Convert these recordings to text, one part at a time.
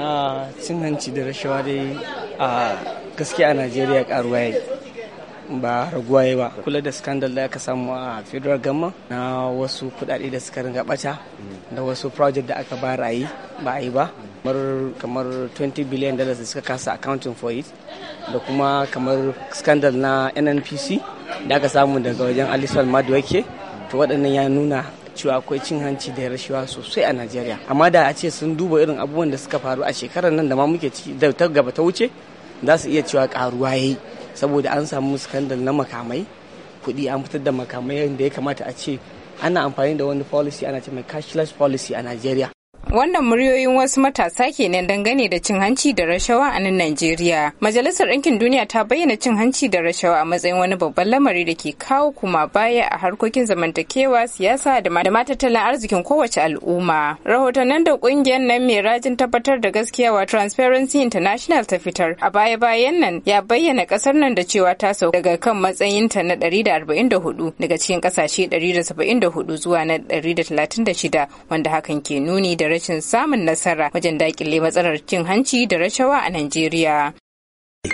A cin hanci da rashawa dai a gaske a najeriya karuwa ya ba raguwa ya ba kula da scandal da aka samu a federal gama na wasu kudade da suka ringa bata da wasu project da aka bara a yi ba a yi ba kamar 20 billion dollars da suka kasa accounting for it da kuma kamar scandal na nnpc da aka samu daga wajen alisal ke to waɗannan ya nuna cewa akwai cin hanci da rashawa sosai a Najeriya amma da a ce sun duba irin abubuwan da suka faru a shekarar nan da ma muke ciki da ta gaba ta wuce za su iya cewa karuwa yayi saboda an samu scandal na makamai kuɗi an fitar da makamai da ya kamata a ce ana amfani da wani policy ana ce mai cashless policy a Najeriya Wannan muryoyin wasu matasa ke nan dangane da cin hanci da rashawa a nan Najeriya. Majalisar Ɗinkin Duniya ta bayyana cin hanci da rashawa a matsayin wani babban lamari da ke kawo kuma baya a harkokin zamantakewa, siyasa da ma tattalin arzikin kowace al'umma. Rahotannin da ƙungiyar nan mai rajin tabbatar da gaskiya wa Transparency International ta fitar a baya-bayan nan ya bayyana ƙasar nan da cewa ta sauka daga kan matsayinta na 144 daga cikin ƙasashe 174 zuwa na 136 wanda hakan ke nuni da rashin samun nasara wajen dakile matsalar cin hanci da rashawa a Najeriya.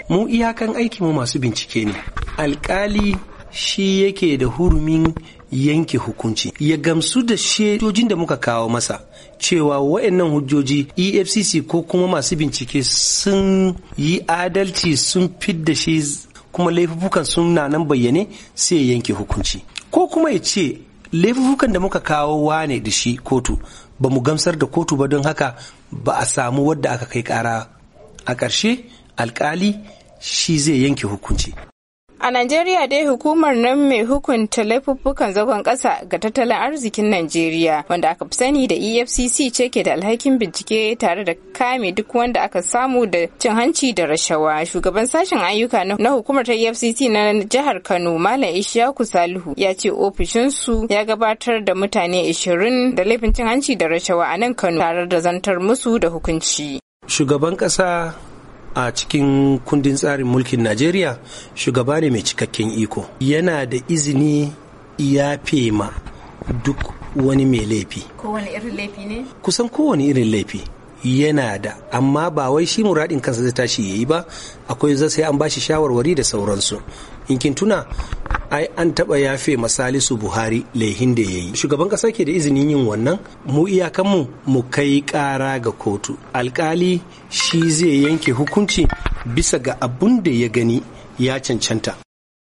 Mu iyakan aiki mu masu bincike ne. Alkali shi yake da hurumin yanke hukunci ya gamsu da shedojin da muka kawo masa cewa waɗannan hujjoji efcc ko kuma masu bincike sun yi adalci sun fidda shi kuma laifukan sun na nan bayyane sai yanke hukunci ko kuma ya ce laifukan da muka kawo wane da shi kotu ba mu gamsar da kotu ba don haka ba a samu wadda aka kai kara a ƙarshe alƙali shi zai yanke hukunci A Najeriya dai hukumar nan mai hukunta laifuffukan zagon ƙasa ga tattalin arzikin Najeriya wanda aka fi sani da EFCC ce ke da alhakin bincike tare da kame duk wanda aka samu da cin hanci da rashawa. Shugaban sashen ayyuka na hukumar ta EFCC na jihar Kano Malam Ishaku Salihu ya ce ofishinsu ya gabatar da mutane 20 da laifin cin hanci da rashawa a nan Kano tare da zantar musu da hukunci. Shugaban kasa. a cikin kundin tsarin mulkin najeriya shugaba ne mai cikakken iko yana da izini ya ma duk wani mai laifi kowane irin laifi ne kusan kowane irin laifi yana da amma ba wai shi muradin kansa zai tashi yayi ba akwai zai sai an bashi shawarwari da sauransu in kin tuna ai an taɓa yafe masalisu buhari laihin da ya yi shugaban ƙasa ke da izinin yin wannan mu iyakanmu mu kai ƙara ga kotu alkali shi zai yanke hukunci bisa ga abun da ya gani ya cancanta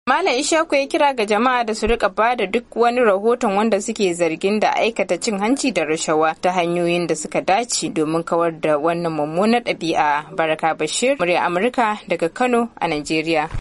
Malam Ishaku ya kira ga jama'a da su rika ba da duk wani rahoton wanda suke zargin da aikata cin hanci da rashawa ta hanyoyin da suka dace domin kawar da wannan mummunar ɗabi'a. Baraka Bashir, murya Amurka daga Kano a Najeriya.